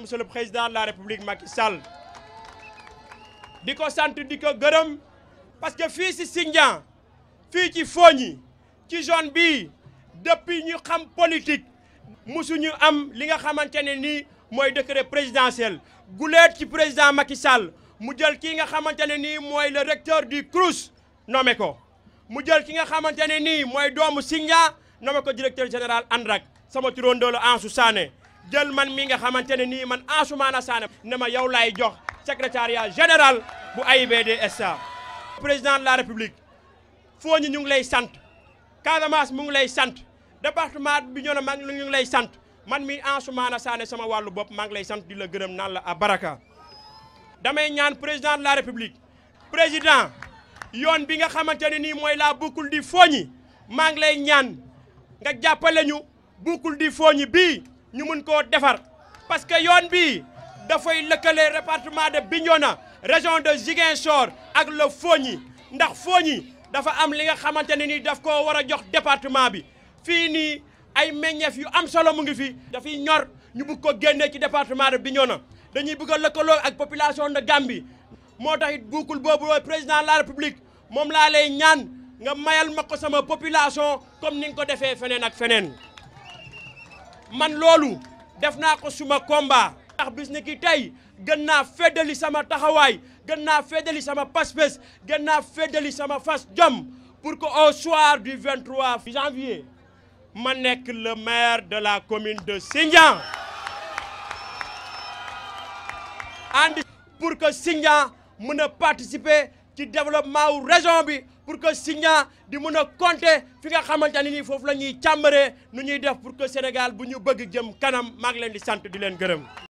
monsieur le président la république Macky Sall di ko sant di ko gërëm parce que fii si Sindian fii ci Fogny ci zone bi depuis ñu xam politique musuñu am li nga xamante ne nii mooy décret présidentiel guleet ci président Macky Sall mu jël ki nga xamante ne nii mooy le recteur du CROUS nommé ko mu jël ki nga xamante ne nii mooy doomu Sindian nommé ko directeur général ANRAC sama turandoo la Ansou Sané jël man mi nga xamante ne nii man Ansoumana Sané ne ma yow laay jox secrétariat général bu AIBD SA président la république Fogni ñu ngi lay sant Casamance mu ngi lay sant département bi ñoo ne ma ñu lay sant man mi Ansoumana Sané sama wàllu bopp maa ngi lay sant di la gërëm naan la a damay ñaan président la république président yoon bi nga xamante ne nii mooy laa bukkul di Fogni maa ngi lay ñaan nga jàppale ñu bukkul di Fogni bii ñu mun koo defar parce que yoon bi dafay lëkkale département de Bignona région de Ziguinchor ak le Fogny ndax Fogny dafa am li nga xamante ne ni daf ko war a jox département bi fii nii ay meññeef yu am solo mu ngi fi dafay ñor ñu bugg ko génnee ci département de Bignona dañuy bëgg a lëkkaloo ak population de Gambie moo tax it buukul boobu président la République moom laale ñaan nga mayal ma ko sama population comme ni nga ko defee feneen ak feneen man loolu def naa ko suma combat ndax bis ni tey gën naa feddali sama taxawaay gën naa feddali sama pas-pas gën naa feddali sama fas jom pour que au soir du 23 janvier ma nekk le maire de la commune de Sindian and pour que Sindian mën a participer di développement wu région bi pour que Signa di mun a compter fi nga xamante ne nii foofu la ñuy càmbaree nu ñuy def pour que Sénégal bu ñu bëgg jëm kanam maa ngi leen di sant di leen gërëm.